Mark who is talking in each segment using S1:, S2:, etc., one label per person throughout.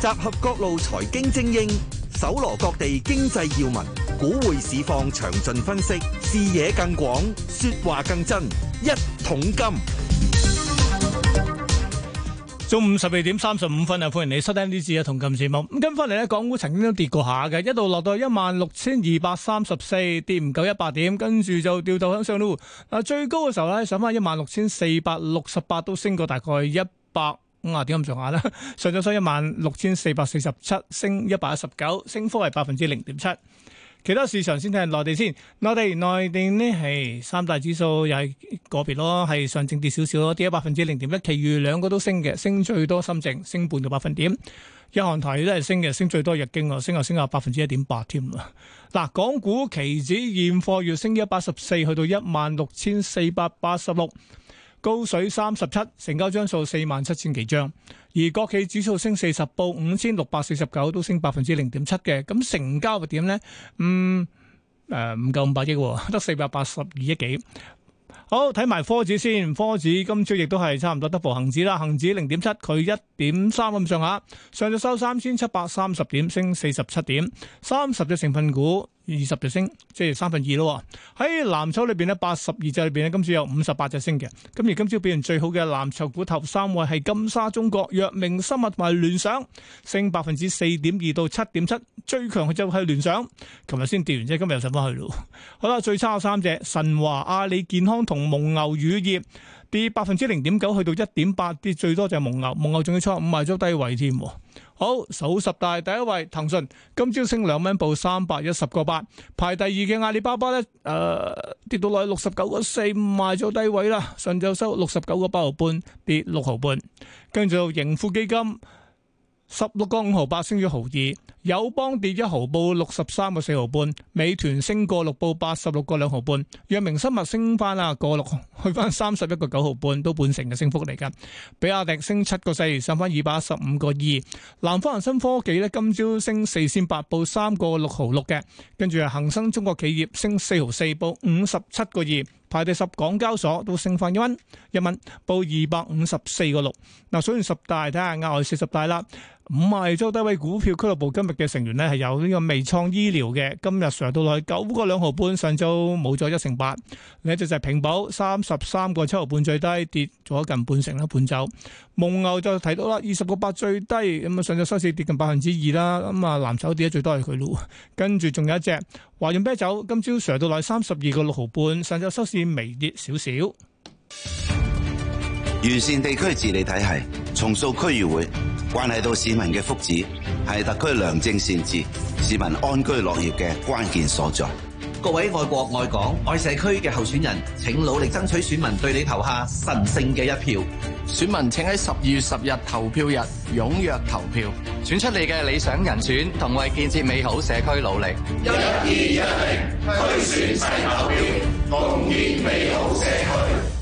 S1: 集合各路財經精英，搜羅各地經濟要聞，
S2: 股匯市況詳盡分析，視野更廣，說話更真。一桶金。中午十二點三十五分啊，歡迎你收聽呢次嘅同金節目。咁跟翻嚟咧，港股曾經都跌過下嘅，一度落到一萬六千二百三十四，跌唔夠一百點，跟住就掉到向上咯。嗱，最高嘅時候咧，上翻一萬六千四百六十八，都升過大概一百。咁啊，點咁上下咧？上咗升一萬六千四百四十七，升一百一十九，升幅係百分之零點七。其他市場先睇下內地先。內地內地呢係三大指數又係個別咯，係上證跌少少咯，跌咗百分之零點一。其餘兩個都升嘅，升最多深證，升半個百分點。日韓台語都係升嘅，升最多日經啊，升，又升到8啊升啊百分之一點八添。嗱，港股期指現貨月升一百十四，去到一萬六千四百八十六。高水三十七，成交張數四萬七千幾張，而國企指數升四十，報五千六百四十九，都升百分之零點七嘅，咁成交又點呢？嗯，誒、呃，唔夠五百億，得四百八十二億幾。好，睇埋科指先，科指今朝亦都係差唔多 double 恒指啦，恒指零點七，佢一點三咁上下，上咗收三千七百三十點，升四十七點，三十隻成分股。二十隻升，即係三分二咯喎。喺藍籌裏邊呢，八十二隻裏邊呢，今朝有五十八隻升嘅。今日今朝表現最好嘅藍籌股頭三位係金沙中國、藥明生物同埋聯想，升百分之四點二到七點七。最強嘅就係聯想，琴日先跌完啫，今日又上翻去咯。好啦，最差嘅三隻：神華、阿里健康同蒙牛乳業，跌百分之零點九，去到一點八。跌最多就係蒙牛，蒙牛仲要初五埋咗低位添。好，數十大第一位騰訊，今朝升兩蚊，報三百一十個八，排第二嘅阿里巴巴咧，誒、呃、跌到落去六十九個四，賣咗低位啦。上晝收六十九個八毫半，跌六毫半。跟住就盈富基金。十六個五毫八升一毫二，友邦跌一毫，報六十三個四毫半；美團升個六，報八十六個兩毫半；藥明生物升翻啊，個六去翻三十一個九毫半，都半成嘅升幅嚟噶。比亞迪升七個四，上翻二百一十五個二。南方恒生科技呢，今朝升四綫八，報三個六毫六嘅。跟住啊，恒生中國企業升四毫四，報五十七個二。排第十，港交所都升翻一蚊，一蚊報二百五十四個六。嗱，數完十大睇下額外四十大啦。五啊！周低位股票俱樂部今日嘅成員呢，係有呢個微創醫療嘅，今日上到來九個兩毫半，上週冇咗一成八。另一隻就係平保，三十三個七毫半最低，跌咗近半成啦，半走。蒙牛就睇到啦，二十個八最低，咁啊上晝收市跌近百分之二啦。咁啊藍籌跌得最多係佢咯。跟住仲有一隻華潤啤酒，今朝上到來三十二個六毫半，上晝收市微跌少少。
S1: 完善地區治理體系，重塑區議會，關係到市民嘅福祉，係特區良政善治、市民安居樂業嘅關鍵所在。各位愛國愛港愛社區嘅候選人，請努力爭取選民對你
S2: 投下神聖嘅一票。選民請喺十二月十日投票日踴躍投票，選出你嘅理想人選，同為建設美好社區努力。一、二、一、零，推選世投票，共建美好社區。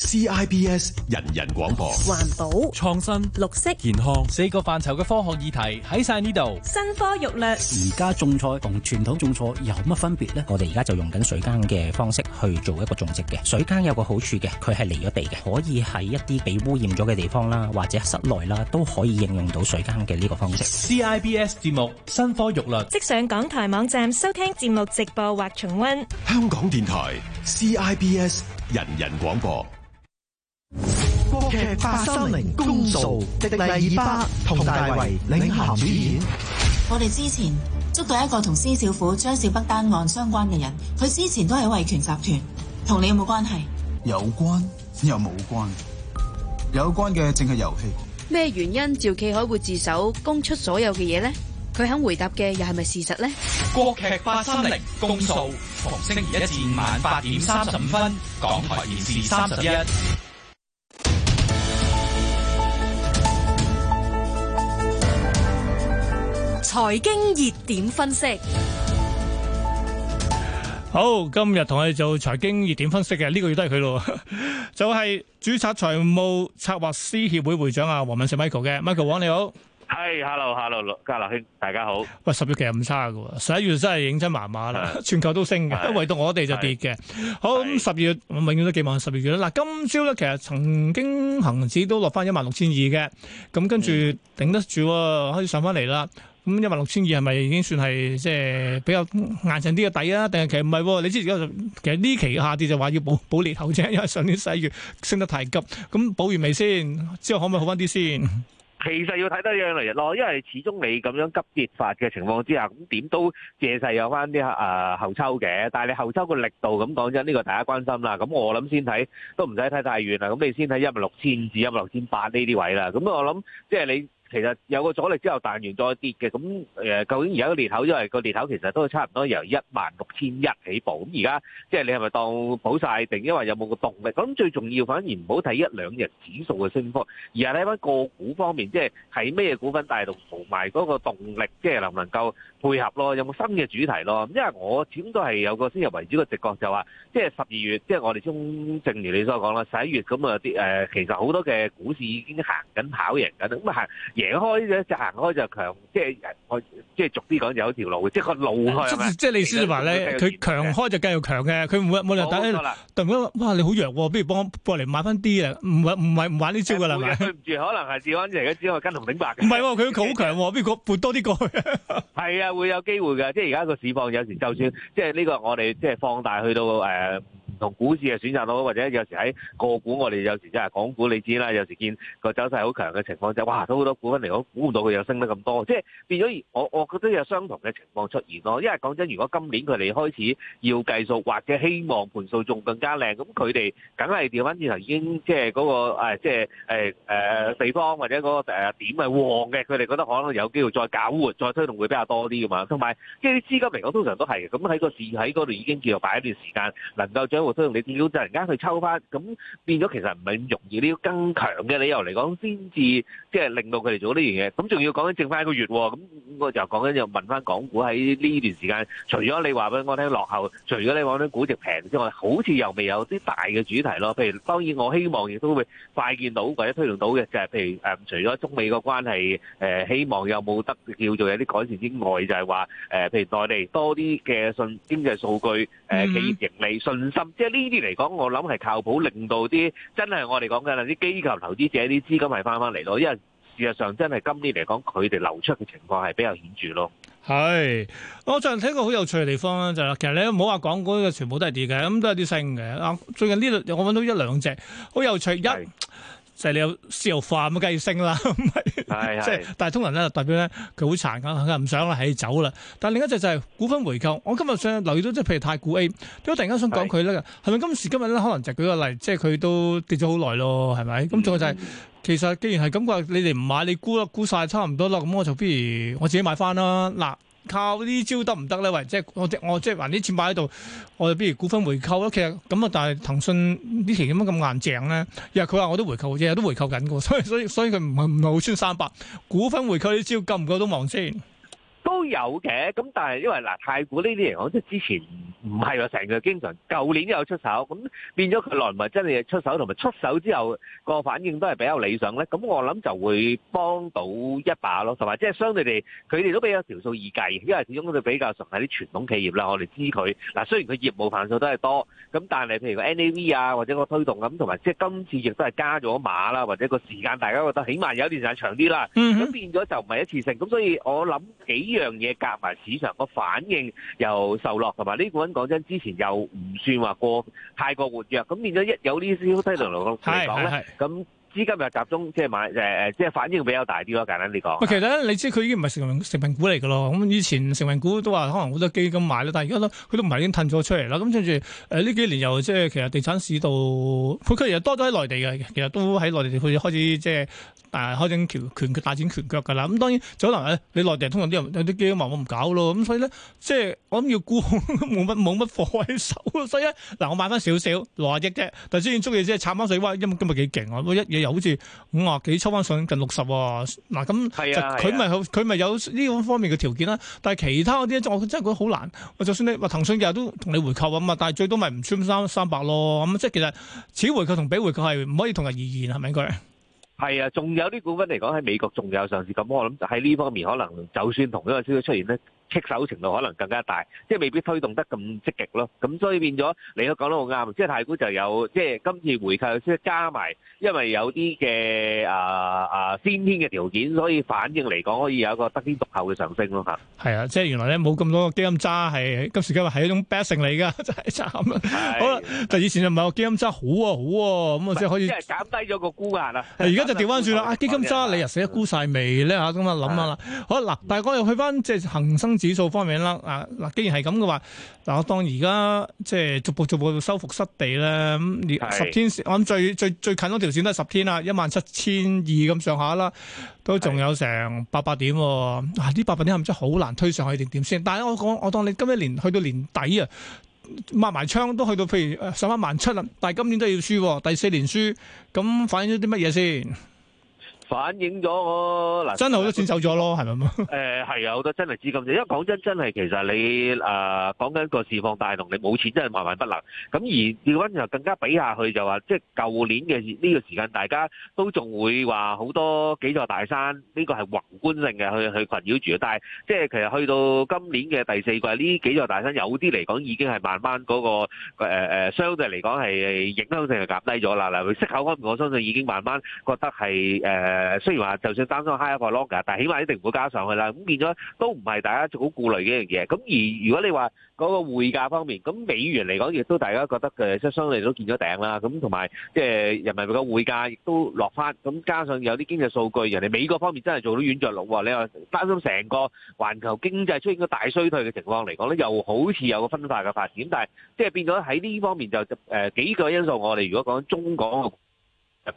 S2: CIBS 人人廣播，環保、創新、綠色、健康四個範疇嘅科學議題喺晒呢度。
S1: 新科玉律。而家種菜同傳統種菜有乜分別呢？我哋而家就用緊水耕嘅方式去做一個種植嘅水耕有個好處嘅，
S2: 佢係離咗地嘅，可以喺一啲被污染咗嘅地方啦，或者室內啦，都可以應用到水耕嘅呢個方式。CIBS 節目新科玉律。
S1: 即上港台網站收聽節目直播或重温。
S2: 香港電台 CIBS 人人廣播。
S1: 劇八三零公訴，迪麗數得巴同大維領銜恆恆主演。
S2: 我哋之前捉到一個同施小虎、張小北單案相關嘅人，佢之前都係維權集團，同你有冇關係？
S1: 有關，係有關又冇關，有關嘅淨係遊戲。
S2: 咩原因趙啟海會自首，供出所有嘅嘢呢？佢肯回答嘅又係咪事實呢？國劇八三零公訴，逢星期一至五晚八點三十五分，港台電視三十一。財經熱點分析。好，今日同我哋做財經熱點分析嘅呢、這個月都係佢咯，就係、是、註冊財務策劃師協會會長啊，黃敏碩 Michael 嘅 Michael 黃你好，
S1: 係 Hello，Hello，家立兄大家好。
S2: 喂，十月其實唔差噶，十一月真係影真麻麻啦，是全球都升嘅，是唯獨我哋就跌嘅。好，咁是十月、嗯、永遠都寄望，十二月了啦。嗱，今朝咧其實曾經恒指都落翻一萬六千二嘅，咁跟住頂得住，可以、嗯啊、上翻嚟啦。咁一萬六千二係咪已經算係即係比較硬淨啲嘅底啊？定係其實唔係？你知而家其實呢期下跌就話要補補裂口啫，因為上年十月升得太急，咁補完未先？之後可唔可以好翻啲先？
S1: 其實要睇得樣嚟嘅咯，因為始終你咁樣急跌法嘅情況之下，咁點都借勢有翻啲啊後抽嘅。但係你後抽個力度，咁講真呢個大家關心啦。咁我諗先睇，都唔使睇太遠啦。咁你先睇一萬六千至一萬六千八呢啲位啦。咁我諗即係你。其實有個阻力之後，彈完再跌嘅，咁究竟而家個裂口，因為個裂口其實都差唔多由一萬六千一起步，咁而家即係你係咪當補晒定？因為有冇個動力？咁最重要反而唔好睇一兩日指數嘅升幅，而係睇翻個股方面，即係係咩股份帶動同埋嗰個動力，即係能唔能夠配合咯？有冇新嘅主題咯？因為我始終都係有個先入為主嘅直覺就話，即係十二月，即係我哋中正如你所講啦，十一月咁啊啲其實好多嘅股市已經行緊跑贏緊，咁啊行。贏開嘅就行開就強，即係我即係逐啲講，有一條路，即個路開，即係你思華咧，佢強
S2: 開就繼續強嘅，佢唔會冇理由打你哇你好弱，不如幫我過嚟買翻啲啊！唔係，唔係，唔，玩呢招噶啦。對唔
S1: 住，可能係治安嚟嘅，只可以跟紅頂白嘅。
S2: 唔係喎，佢好強喎，不如撥多啲過
S1: 去。係啊，會有機會嘅。即係而家個市況有時就算，即係呢個我哋即係放大去到誒。同股市嘅選擇咯，或者有時喺個股我，我哋有時真係港股，你知啦。有時見個走勢好強嘅情況就，哇都好多股份嚟講，估唔到佢又升得咁多。即係變咗，我我覺得有相同嘅情況出現咯。因為講真，如果今年佢哋開始要計數，或者希望盤數仲更加靚，咁佢哋梗係調翻轉頭，已經即係嗰、嗰個即係、欸、地方或者嗰個點係旺嘅。佢哋覺得可能有機會再搞活，再推動會比較多啲噶嘛。同埋即係啲資金嚟講，通常都係嘅。咁喺個市喺嗰度已經叫做擺一段時間，能夠掌所以你要突然間去抽翻，咁變咗其實唔係咁容易。你要更強嘅理由嚟講，先至即係令到佢哋做呢樣嘢。咁仲要講緊剩翻一個月喎。咁。個就講緊又問翻港股喺呢段時間，除咗你話俾我聽落後，除咗你講啲估值平之外，好似又未有啲大嘅主題咯。譬如當然我希望亦都會快見到或者推動到嘅就係譬如誒，除咗中美個關係誒，希望有冇得叫做有啲改善之外，就係話誒，譬如內地多啲嘅信經濟數據、誒企業盈利信心，即係呢啲嚟講，我諗係靠譜，令到啲真係我哋講緊啦啲機構投資者啲資金係翻翻嚟咯，因為。事實上，真係今年嚟講，佢哋流出嘅情況係比較顯著咯。
S2: 係，我最近睇過好有趣嘅地方啦，就係、是、其實你都唔好話港股嘅全部都係跌嘅，咁都有啲升嘅。啊，最近呢度我揾到一兩隻好有趣是一。就係你有私有化咁梗係要升啦，但係通常咧就代表咧佢好殘噶，佢唔想啦，係走啦。但另一隻就係、是、股份回購，我今日想留意到即係譬如太古 A，都突然間想講佢咧，係咪是 今時今日咧可能就舉個例，即係佢都跌咗好耐咯，係咪？咁仲、嗯、有就係、是、其實既然係咁話你哋唔買，你估一估晒差唔多啦，咁我就不如我自己買翻啦。嗱。靠招行行呢招得唔得咧？喂，即係我即我即係還啲錢擺喺度，我哋不如股份回購咯。其實咁啊，但係騰訊呢期點解咁硬淨咧？因為佢話我都回購購嘅，日都回購緊嘅，所以所以所以佢唔係唔係好穿三百，股份回購呢招夠唔夠都望先。都有嘅，咁但係因為嗱太古呢啲嚟講，即
S1: 係之前唔係話，成日經常舊年都有出手，咁變咗佢來唔係真係出手，同埋出手之後個反應都係比較理想咧。咁我諗就會幫到一把咯，同埋即係相對地，佢哋都比較條數易計，因為始終佢比較純係啲傳統企業啦，我哋知佢嗱。雖然佢業務範數都係多，咁但係譬如個 NAV 啊或者個推動咁，同埋即係今次亦都係加咗碼啦，或者個時間大家覺得起碼有一段時間長啲啦。咁變咗就唔係一次性，咁所以我諗幾。樣嘢夾埋市場個反應又受落，同埋呢個人講真，之前又唔算話過太過活躍，咁變咗一有呢啲消息嚟講咧，咁資金又集中即係買誒誒，即、呃、係反應比較大啲咯。簡單呢講，
S2: 其實你知佢已經唔係成名成名股嚟噶咯，咁以前成名股都話可能好多基金買啦，但係而家都佢都唔係已經褪咗出嚟啦。咁跟住誒呢幾年又即係其實地產市道，佢其實多咗喺內地嘅，其實都喺內地佢開始即係。誒開整腳，拳腳大展拳腳㗎啦！咁當然就可能咧，你內地人通用啲人有啲基金咪我唔搞咯。咁所以咧，即係我諗要沽，冇乜冇乜貨喺手。所以咧，嗱我買翻少少六啊億啫，但係先至中意即係插翻水位，因為今日幾勁啊！一嘢又好似五啊幾抽翻上近六十喎。嗱、啊、咁，佢咪佢咪有呢個方面嘅條件啦、啊？但係其他嗰啲，我真係覺得好難。我就算你話騰訊日日都同你回購啊嘛，但係最多咪唔穿三三百咯。咁、嗯、即係其實此回購同比回購係唔可以同日而言係咪應該？是
S1: 係啊，仲有啲股份嚟講喺美國仲有上市，咁我諗喺呢方面可能就算同一個消息出現咧。棘手程度可能更加大，即係未必推動得咁積極咯。咁所以變咗，你都講得好啱。即係太古就有，即係今次回購，
S2: 即係加埋，
S1: 因為有啲嘅啊啊先天嘅條件，所以反應嚟講可以有一個得天獨厚嘅上升咯吓，係、嗯、
S2: 啊，即係原來咧冇咁多基金渣係今時今日係一種 blessing 嚟㗎，真係渣咁好啦，就以前就唔係話基金渣好啊好喎、啊，咁啊即係可以。即係
S1: 減低咗個沽壓啊！而家就調翻轉啦，啊基金渣、嗯、你又死
S2: 得沽晒味咧吓，咁啊諗下啦。啊、好嗱，大哥又去翻即係恒生。指數方面啦，啊嗱，既然係咁嘅話，嗱我當而家即係逐步逐步收復失地咧，咁十天是我諗最最最近嗰條線都係十天啦，一萬七千二咁上下啦，都仲有成八百點，嗱呢八百點係咪真係好難推上去定點先。但係我講我，我當你今一年，年去到年底啊，抹埋窗都去到譬如上一萬七啦，但係今年都要輸，第四年輸，咁反映咗啲乜嘢先？反映咗我嗱，真係好多錢走咗咯，係咪啊？
S1: 誒係啊，好多、呃、真係資金，因為講真，真係其實你誒講緊個釋放大同你冇錢真係萬萬不能。咁而調温就更加比下去，就話即係舊年嘅呢個時間，大家都仲會話好多幾座大山，呢、呢個係宏觀性嘅去去困擾住。但係即係其實去到今年嘅第四季，呢幾座大山有啲嚟講已經係慢慢嗰、嗰個誒相、呃、對嚟講係影響性係減低咗啦。嗱、呃，息口方面，我相信已經慢慢覺得係誒雖然話，就算擔心 higher for longer 但起碼一定唔會加上去啦。咁變咗都唔係大家好顧慮嘅一樣嘢。咁而如果你話嗰個匯價方面，咁美元嚟講，亦都大家覺得嘅，即係相對都見咗頂啦。咁同埋即係人民幣嘅匯價亦都落翻。咁加上有啲經濟數據，人哋美國方面真係做到軟着陸喎。你話擔心成個環球經濟出現咗大衰退嘅情況嚟講咧，又好似有個分化嘅發展。但係即係變咗喺呢方面就、呃、幾個因素，我哋如果講中港。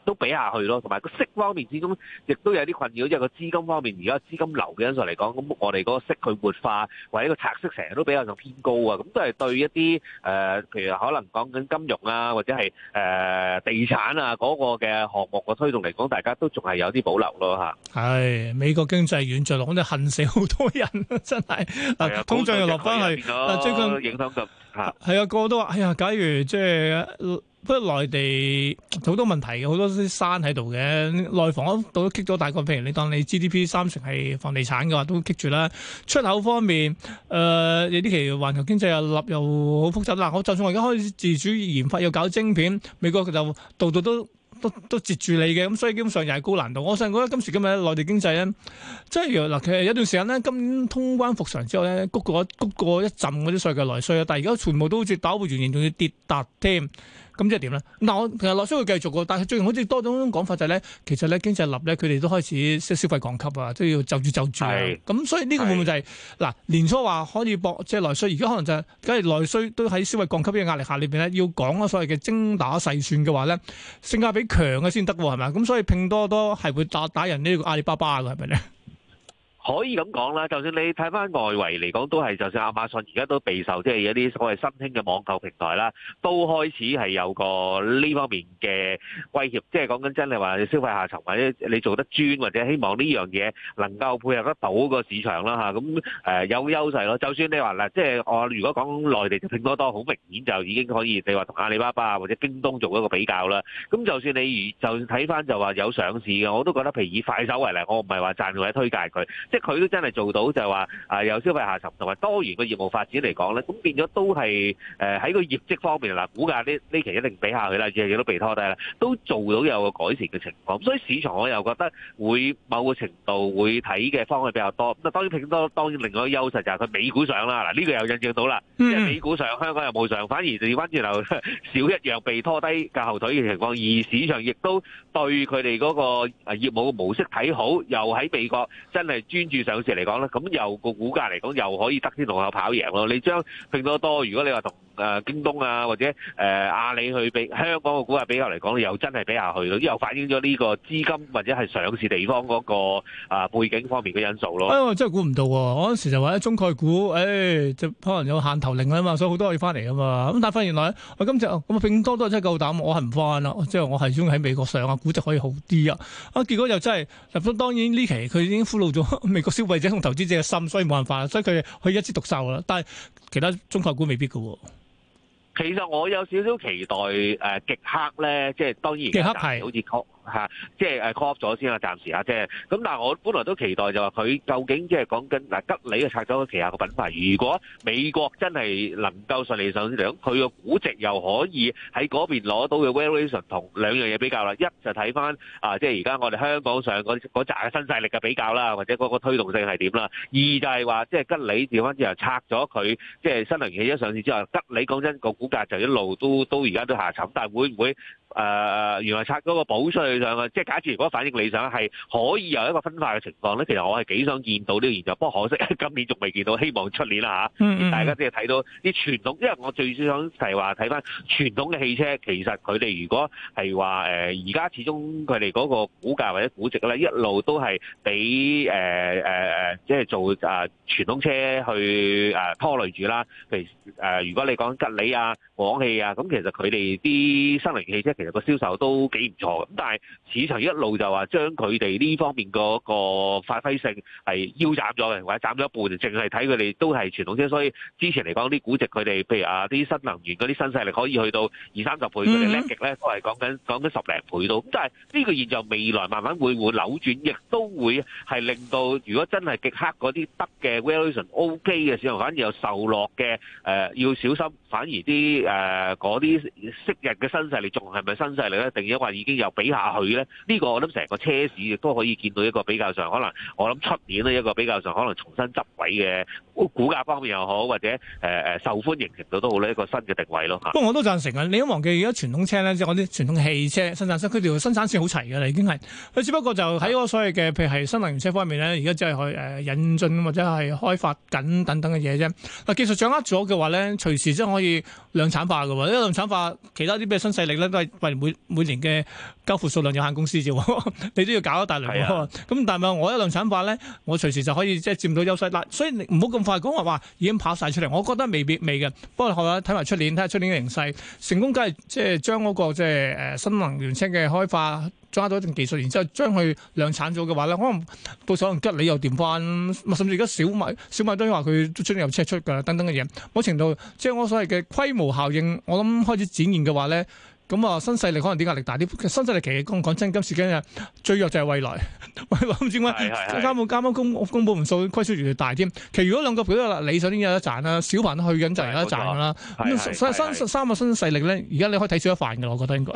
S1: 都比下去咯，同埋個息方面始終亦都有啲困擾，即係個資金方面而家資金流嘅因素嚟講，咁我哋嗰個息佢活化或者個拆息成日都比較上偏高啊，咁都係對一啲誒、呃，譬如可能講緊金融啊，或者係誒、呃、地產啊嗰、那個嘅項目個推動嚟講，大家都仲係有啲保留咯吓，
S2: 係、哎、美國經濟軟著陸，咁就恨死好多人，真係嗱，啊啊、通脹又落翻去，嗱、啊、最近影響咁吓係啊，個個都話，哎呀，假如即係。不過內地好多問題嘅，好多啲山喺度嘅。內房都都棘咗，大概譬如你當你 GDP 三成係房地產嘅話，都棘住啦。出口方面，誒你啲期環球經濟又立又好複雜啦。就我就算我而家開始自主研發，又搞晶片，美國就度度都都都，都截住你嘅。咁所以基本上又係高難度。我成日覺得今時今日內地經濟咧，即係其實有段時間咧，今年通關復常之後咧，谷過谷過一陣嗰啲稅嘅來稅啊，但係而家全部都好似打回原形，仲要跌突添。咁即係點咧？嗱，我其實內需會繼續嘅，但係最近好似多種講法就係、是、咧，其實咧經濟立咧，佢哋都開始消費降級啊，都要就住就住咁是所以呢個會唔會就係、是、嗱是年初話可以搏即係內需，而家可能就係梗係內需都喺消費降級嘅壓力下裏邊咧，要講啊所謂嘅精打細算嘅話咧，性價比強嘅先得係咪？咁所以拼多多係會打打人呢個阿里巴巴嘅係咪咧？
S1: 可以咁講啦，就算你睇翻外圍嚟講，都係就算亞馬遜而家都備受即係一啲所謂新興嘅網購平台啦，都開始係有個呢方面嘅威脅。即係講緊真係話消費下沉，或者你做得專，或者希望呢樣嘢能夠配合得到個市場啦嚇。咁誒有優勢咯。就算你話嗱，即係我如果講內地嘅拼多多，好明顯就已經可以你話同阿里巴巴或者京東做一個比較啦。咁就算你如就睇翻就話有上市嘅，我都覺得譬如以快手為例，我唔係話贊或者推介佢。即係佢都真係做到，就係話啊，有消費下沉同埋多元嘅業務發展嚟講咧，咁變咗都係誒喺個業績方面嗱，估價呢呢期一定比下佢啦，只係幾多被拖低啦都做到有個改善嘅情況，所以市場我又覺得會某個程度會睇嘅方向比較多。咁當然拼多多當然另外優勢就係佢美股上啦，嗱、這、呢個又印證到啦，即、嗯、美股上香港又冇上，反而要翻轉頭少一樣被拖低嘅後腿嘅情況。而市場亦都對佢哋嗰個業務模式睇好，又喺美國真係跟住上市嚟講，咧，咁又個股價嚟講，又可以得天獨厚跑贏咯。你將拼多多，如果你話同。誒、啊、京東啊，或者誒、呃、阿里去比香港嘅股啊，比較嚟講，又真係比下去咯，又反映咗呢個資金或者係上市地方嗰、那個啊背景方面嘅因素咯。誒，
S2: 真係估唔到喎！我嗰、啊、時時就話中概股，誒、哎、就可能有限頭令啊嘛，所以好多可以翻嚟啊嘛。咁但返原來來，我今次咁拼多多真係夠膽，我唔翻啦。即係我係中意喺美國上下、啊、估值可以好啲啊。結結果又真係，咁當然呢期佢已經俘虜咗美國消費者同投資者嘅心，所以冇辦法啦。所以佢可以一枝獨秀啦。但係其他中概股未必嘅喎、啊。
S1: 其實我有少少期待，誒、呃，極氪咧，即係當然、就是、極氪係好似嚇，即係誒 call 咗先啦，暫時啊，即係咁。但係我本來都期待就話佢究竟即係講緊嗱，吉利拆咗旗下個品牌。如果美國真係能夠順利上市，佢個估值又可以喺嗰邊攞到嘅 valuation 同兩樣嘢比較啦。一就睇翻啊，即係而家我哋香港上嗰嗰扎嘅新勢力嘅比較啦，或者嗰個推動性係點啦。二就係話，即係吉利調翻之後拆咗佢，即係新能源汽車上市之後，吉利講真個股價就一路都都而家都下沉。但係會唔會誒原來拆咗個補稅？理想即係假設如果反映理想係可以有一個分化嘅情況咧，其實我係幾想見到呢個現象，不過可惜今年仲未見到，希望出年啦嚇、啊。大家即係睇到啲傳統，因為我最想係話睇翻傳統嘅汽車，其實佢哋如果係話誒而家始終佢哋嗰個股價或者估值咧，一路都係俾誒誒誒，即係做啊、呃、傳統車去啊拖累住啦。譬如誒、呃，如果你講吉利啊、廣汽啊，咁其實佢哋啲新能源汽車其實個銷售都幾唔錯，咁但係。市場一路就話將佢哋呢方面嗰個發揮性係腰斬咗嘅，或者斬咗一半，淨係睇佢哋都係傳統車。所以之前嚟講啲估值，佢哋譬如啊啲新能源嗰啲新勢力可以去到二三十倍，佢哋叻極咧都係講緊講緊十零倍到。咁但係呢個現狀未來慢慢會唔會扭轉，亦都會係令到如果真係極黑嗰啲得嘅 valuation OK 嘅時候，反而有受落嘅誒、呃、要小心。反而啲誒嗰啲昔日嘅新勢力仲係咪新勢力咧？定因為已經有比下？佢咧，呢個我諗成個車市亦都可以見到一個比較上可能，我諗出年咧一個比較上可能重新執位嘅，股價方面又好，或者誒誒受歡迎程度都好，呢一個新嘅定位咯。不過我都贊
S2: 成啊！你都忘記而家傳統車咧，即係我啲傳統汽車生產商，佢條生產線好齊噶啦，已經係佢，只不過就喺嗰個所謂嘅是的 譬如係新能源車方面咧，而家只係去誒引進或者係開發緊等等嘅嘢啫。嗱，技術掌握咗嘅話咧，隨時都可以量產化嘅喎。因為量產化，其他啲咩新勢力咧都係為每每年嘅交付數。量有限公司啫， 你都要搞一大輪。咁、啊、但係我我一量產化咧，我隨時就可以即係佔到優勢。嗱，所以你唔好咁快講話，哇！已經跑晒出嚟。我覺得未必未嘅。不過後睇埋出年，睇下出年嘅形勢，成功梗係即係將嗰、那個即係誒新能源車嘅開發，抓到一定技術，然之後將佢量產咗嘅話咧，可能到時候吉利又掂翻，甚至而家小米小米都話佢出年有車出㗎，等等嘅嘢，某程度將我所謂嘅規模效應，我諗開始展現嘅話咧。咁啊，新勢力可能啲壓力大啲？新勢力其實講講真，今時今日最弱就係蔚來。唔知點解監管加公公布門數，虧損越嚟越大添。其實如果兩個股都啦，理想已都有一賺啦，小鵬都去緊就有一賺噶啦。咁三三個新勢力咧，而家你可以睇少一份嘅啦，我覺得應該。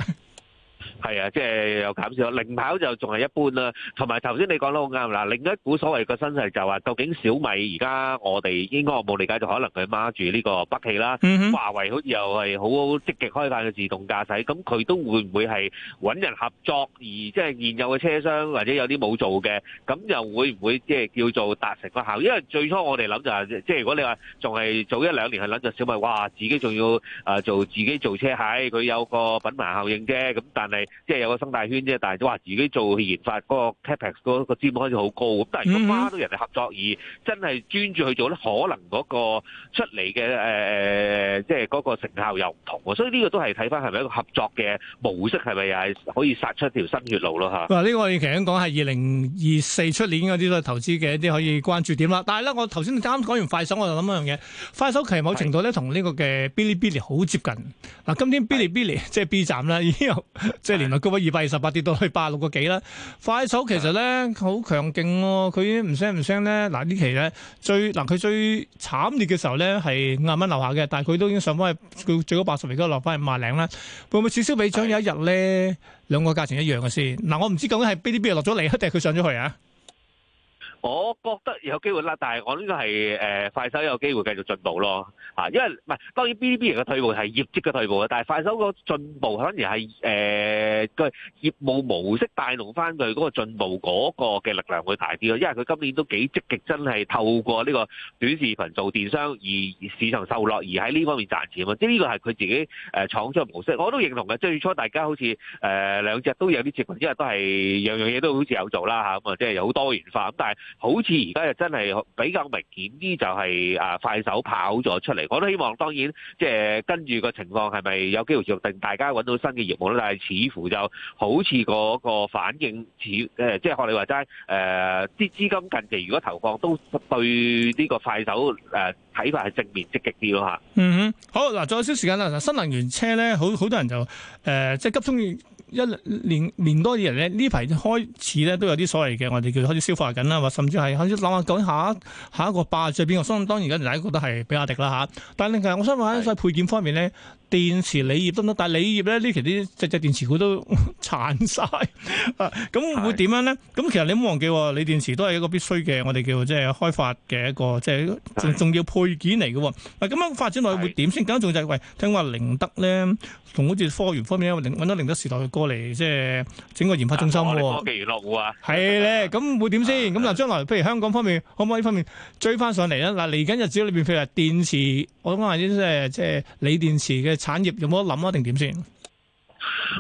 S1: 係啊，即係又減少啦。零跑就仲係一般啦。同埋頭先你講得好啱啦。另一股所謂嘅新勢就話，究竟小米而家我哋應該我冇理解到，可能佢孖住呢個北汽啦，華為好似又係好好積極開發嘅自動駕駛。咁佢都會唔會係揾人合作，而即係現有嘅車商或者有啲冇做嘅，咁又會唔會即係叫做達成個效？因為最初我哋諗就係即係如果你話仲係早一兩年，係諗著小米，哇，自己仲要啊做自己做車係，佢有個品牌效應啫。咁但係。即係有個生態圈啫，但係都話自己做去研發嗰個 capex 嗰個資本開始好高，但係如果媽媽都人哋合作而真係專注去做咧，可能嗰個出嚟嘅、呃、即係嗰個成效又唔同。所以呢個都係睇翻係咪一個合作嘅模式，係咪又可以殺出條新血路咯。嗱，呢、啊呢個
S2: 我哋其實講係二零二四出年嗰啲都係投資嘅一啲可以關注點啦。但係咧，我頭先啱講完快手，我就諗一樣嘢，快手其實某程度咧同呢是個嘅 Bilibili 好接近。嗱、啊，今天 Bilibili 是即係 B 站啦，已經有即係年來高位二百二十八，跌到去八十六個幾啦。快手其實咧好強勁喎、啊，佢已經唔聲唔聲咧，嗱呢期咧追嗱佢最慘烈嘅時候咧係五萬蚊留下嘅，但係佢都已經上翻去佢最高八十，而家落翻去五萬零啦。會唔會悄悄尾漲有一日咧是的 兩個價錢一樣嘅先？嗱，我唔知究竟係邊啲邊落咗嚟，一定係佢上咗去啊？
S1: 我覺得有機會啦，但係我呢個係誒快手有機會繼續進步咯嚇，因為唔係當然 BB 型嘅退步係業績嘅退步啊，但係快手個進步反而係誒個業務模式帶動翻佢嗰個進步嗰個嘅力量會大啲咯，因為佢今年都幾積極，真係透過呢個短視頻做電商而市場受落而喺呢方面賺錢啊，即係呢個係佢自己誒創出嘅模式，我都認同嘅。最初大家好似誒兩隻都有啲似，因為都係樣樣嘢都好似有做啦嚇，咁啊即係有好多元化咁，但係。好似而家就真係比較明顯啲，就係啊快手跑咗出嚟。我都希望，當然即係跟住個情況係咪有機會仲定大家揾到新嘅業務咧？但係似乎就好似嗰個反應，似誒即係學你話齋誒啲資金近期如果投放都對呢個快手誒睇法係正面積極啲咯嚇。嗯
S2: 哼，好嗱，再少時間啦。嗱，新能源車咧，好好多人就誒、呃、即係急中。一年年多嘅人咧，呢排開始咧都有啲所謂嘅，我哋叫開始消化緊啦，或甚至係開始諗下究竟下下一個霸主邊個？所以當然而家大家都覺得係比亞迪啦嚇。但係另外，我想問喺在，是在配件方面咧。電池鋰業都得，但係鋰業咧，呢期啲隻隻電池佢都殘晒，咁、啊、會點樣咧？咁是其實你唔好忘記，鋰電池都係一個必須嘅，我哋叫即係開發嘅一個即係仲重要配件嚟嘅。嗱咁是樣發展落去會點先？咁樣仲就係、是、喂，聽話寧德咧，同好似科研方面咧，搵到寧德時代過嚟即係整個研發中心嘅科技
S1: 娛樂戶啊！
S2: 係咧、啊，咁會點先？咁嗱、啊，將來譬如香港方面可唔可以方面追翻上嚟咧？嗱嚟緊日子裏邊譬如話電池，我諗下啲即係即係鋰電池嘅。產業有冇得諗啊？定點先？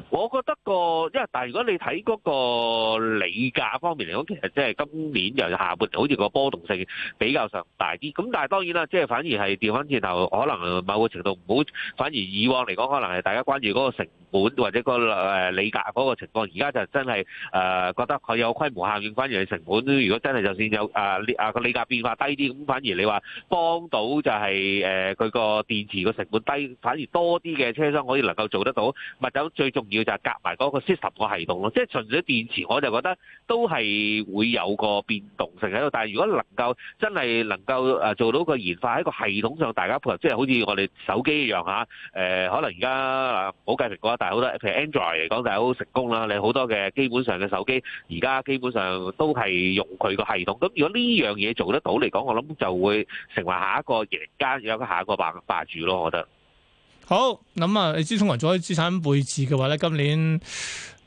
S1: 我覺得個，因為但係如果你睇嗰個理價方面嚟講，其實即係今年又下半年好似個波動性比較上大啲。咁但係當然啦，即係反而係調翻轉頭，可能某個程度唔好。反而以往嚟講，可能係大家關注嗰個成本或者個誒理價嗰個情況。而家就真係誒、呃、覺得佢有規模效應，反而成本如果真係就算有啊個理價、啊、變化低啲，咁反而你話幫到就係誒佢個電池個成本低，反而多啲嘅車商可以能夠做得到最重要就係夾埋嗰個 system 個系統咯，即係純粹電池我就覺得都係會有個變動性喺度，但係如果能夠真係能夠誒做到個研發喺個系統上，大家配合，即係好似我哋手機一樣嚇誒，可能而家唔好計蘋果啦，但係好多譬如 Android 嚟講就係好成功啦，你好多嘅基本上嘅手機而家基本上都係用佢個系統。咁如果呢樣嘢做得到嚟講，我諗就會成為下一個贏家有一個下一個霸主咯，我覺
S2: 得。好，咁啊，你資通雲做啲資產配置嘅話咧，今年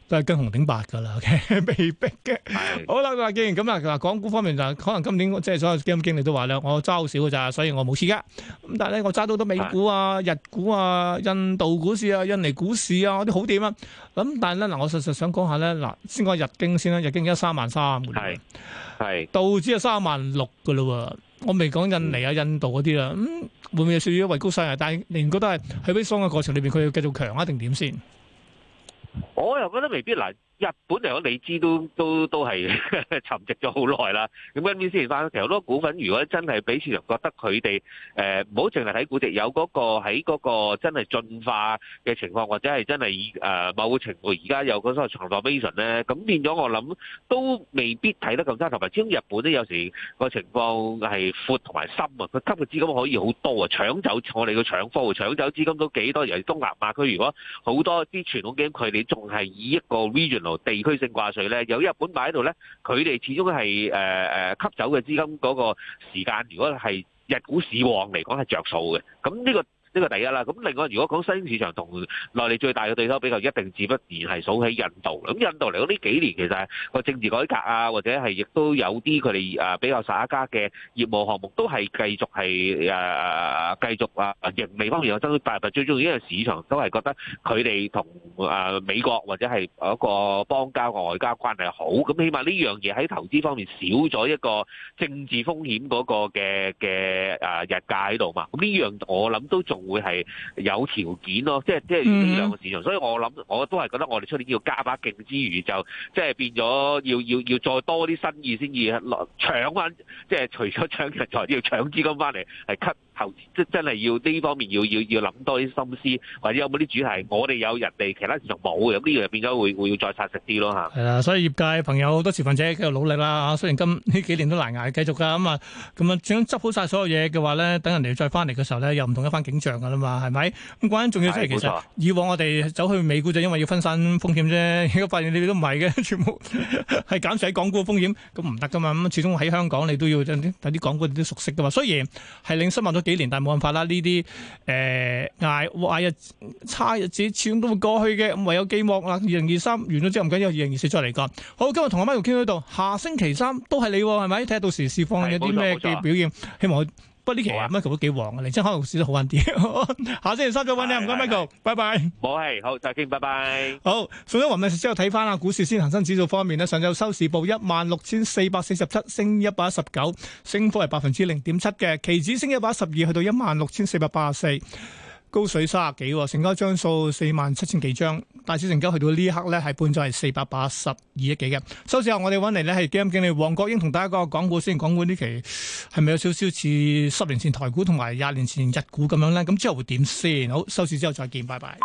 S2: 都係跟紅頂白噶啦，被逼嘅。是好啦，既然咁啊，嗱，港股方面就可能今年即係所有基金經理都話咧，我揸少嘅咋，所以我冇事噶。咁但係咧，我揸到啲美股啊、是日股啊、印度股市啊、印尼股市啊嗰啲好掂啊。咁但係咧嗱，我實實想講下咧，嗱，先講日經先啦，日經而家三萬三，係係是，道指啊三萬六嘅咯喎。我未講印尼啊、印度嗰啲啦，會唔會又屬於畏高勢啊？但係你唔覺得係喺威桑嘅過程裏邊，佢要繼續強啊，定點先？
S1: 我又覺得未必嚟。日本嚟講，你知都是都都係沉寂咗好耐啦。咁跟住先翻，其實好多股份如果真係俾市場覺得佢哋誒，唔好淨係睇股值，有嗰個喺嗰個真係進化嘅情況，或者係真係誒、呃、某個情況而家有嗰個長度 v a s i o n 咧，咁變咗我諗都未必睇得咁差。同埋，至於日本咧，有時個情況係闊同埋深啊，佢吸嘅資金可以好多啊，搶走我哋嘅搶貨，搶走資金都幾多。尤其東南亞馬，佢如果好多啲傳統基金，佢哋仲係以一個 region。地區性掛稅咧，由於日本買喺度咧，佢哋始終係誒誒吸走嘅資金嗰個時間，如果係日股市旺嚟講係著數嘅，咁呢個。呢個第一啦，咁另外如果講新興市場同內地最大嘅對手比較，一定自不然係數起印度。咁印度嚟講呢幾年其實係個政治改革啊，或者係亦都有啲佢哋誒比較散家嘅業務項目，都係繼續係誒誒誒繼續啊盈利方面有增長。但係最重要一樣市場都係覺得佢哋同誒美國或者係嗰個邦交個外交關係好，咁起碼呢樣嘢喺投資方面少咗一個政治風險嗰個嘅嘅誒日價喺度嘛。咁呢樣我諗都仲。會係有條件咯，即係即係呢兩個市場。所以我諗我都係覺得我哋出年要加把勁之餘，就即係變咗要要要再多啲新意先至搶翻，即係除咗搶人才，要搶資金翻嚟係吸。即真係要呢方面要要要諗多啲心思，或者有冇啲主題？我哋有，有，人哋其他市場冇嘅呢樣就變咗會會要再紮實啲咯
S2: 嚇。係啊，所以業界朋友好多持份者繼續努力啦嚇。雖然今呢幾年都難捱，繼續㗎咁啊，咁、嗯、啊，最終執好晒所有嘢嘅話咧，等人哋再翻嚟嘅時候咧，又唔同一番景象㗎啦嘛，係咪？咁關重要就係係嘅，其實冇錯，以往我哋走去美股就因為要分散風險啫。如果發現你哋都唔係嘅，全部係減少港股風險，咁唔得㗎嘛。咁始終喺香港你都要真啲睇啲港股，你都熟悉㗎嘛。雖然係令失望都幾年，但係冇辦法啦。呢啲誒、挨、呃、壞日差日子，始終都會過去嘅。唯有寄望啦。二零二三完咗之後唔緊要，二零二四再嚟講。好，今日同阿媽又傾喺度，下星期三都係你係咪？睇下到時市況有啲咩嘅表現，希望。不過呢期阿、啊、Michael 都幾旺，你真可能試得好玩啲。 下星期收咗你啦，唔該對煩 Michael，拜拜。冇係 bye，好，再見，拜拜。好，送咗黃敏碩之後睇翻下股市先，恆生指數方面呢，上晝收市報一萬六千四百四十七，升一百一十九，升幅係百分之零點七嘅。期指升一百一十二，去到一萬六千四百八十四。高水三十幾，成交張數四萬七千幾張，大市成交去到呢一刻咧，係半咗係四百八十二億幾嘅。收市後我哋揾嚟咧，係基金經理黃國英同大家講股先，講股呢期係咪有少少似十年前台股同埋廿年前日股咁樣咧？咁之後會點先？好，收市之後再見，拜拜。